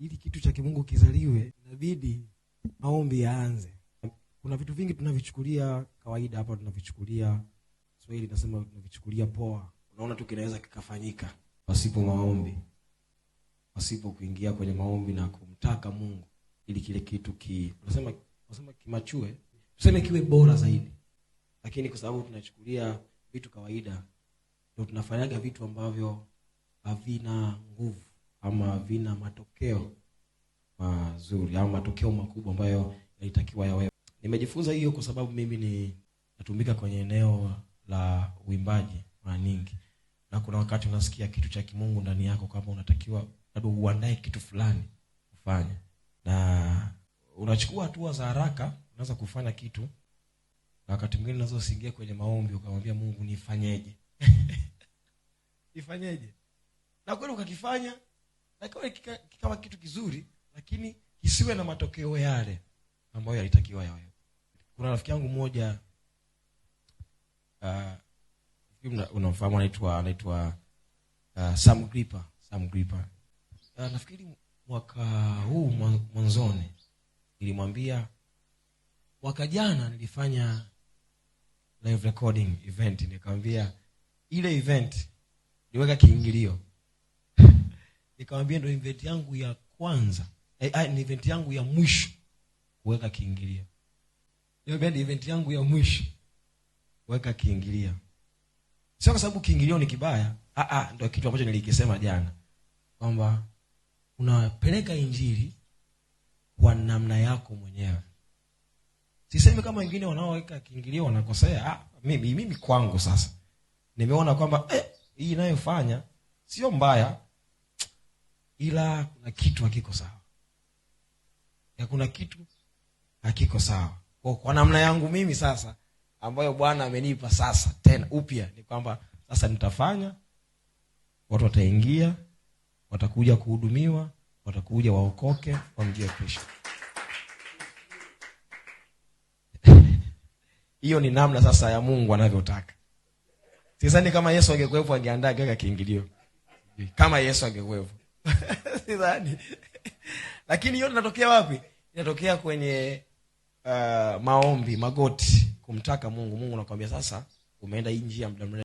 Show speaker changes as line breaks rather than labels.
ili kitu cha kimungu kizaliwe, inabidi maombi yaanze. Kuna vitu vingi tunavichukulia kawaida hapa, tunavichukulia Swahili nasema tunavichukulia poa. Unaona tu kinaweza kikafanyika pasipo maombi, pasipo kuingia kwenye maombi na kumtaka Mungu ili kile kitu ki tunasema tunasema kimachue, tuseme kiwe bora zaidi. Lakini kwa sababu tunachukulia vitu kawaida, ndio tunafanyaga vitu ambavyo havina nguvu ama vina matokeo mazuri ama matokeo makubwa ambayo yalitakiwa yawe. Nimejifunza hiyo kwa sababu mimi ni natumika kwenye eneo la uimbaji mara nyingi, na kuna wakati unasikia kitu cha kimungu ndani yako kwamba unatakiwa labda uandae kitu fulani ufanye, na unachukua hatua za haraka, unaweza kufanya kitu, na wakati mwingine unaweza usiingie kwenye maombi ukamwambia Mungu nifanyeje? nifanyeje? na kweli ukakifanya na kikawa, kikawa kitu kizuri lakini kisiwe na matokeo yale ambayo yalitakiwa yawe kuna rafiki yangu mmoja uh, unamfahamu anaitwa anaitwa uh, sam griper sam griper uh, ah, nafikiri mwaka huu mwanzoni nilimwambia mwaka jana nilifanya live recording event nikamwambia ile event niweka kiingilio nikamwambia ndo event yangu ya kwanza eh, ah, ni event yangu ya mwisho kuweka kiingilia Niambia ni event yangu ya mwisho kuweka kiingilia sio kwa sababu kiingilio ni kibaya. Ah, ah, ndo kitu ambacho nilikisema jana kwamba unapeleka injili kwa namna yako mwenyewe. siseme kama wengine wanaoweka kiingilio wanakosea. Ah, mimi, mimi kwangu sasa nimeona kwamba eh, hii inayofanya sio mbaya ila kuna kitu hakiko sawa ya kuna kitu hakiko sawa kwa, kwa namna yangu mimi sasa ambayo bwana amenipa sasa tena upya ni kwamba sasa nitafanya watu wataingia watakuja kuhudumiwa watakuja waokoke wamjue kristo hiyo ni namna sasa ya mungu anavyotaka sizani kama yesu angekuwepo angeandaa kiweka kiingilio kama yesu angekuwepo sidhani lakini yote inatokea wapi inatokea kwenye uh, maombi magoti kumtaka mungu mungu nakwambia sasa umeenda hii njia mda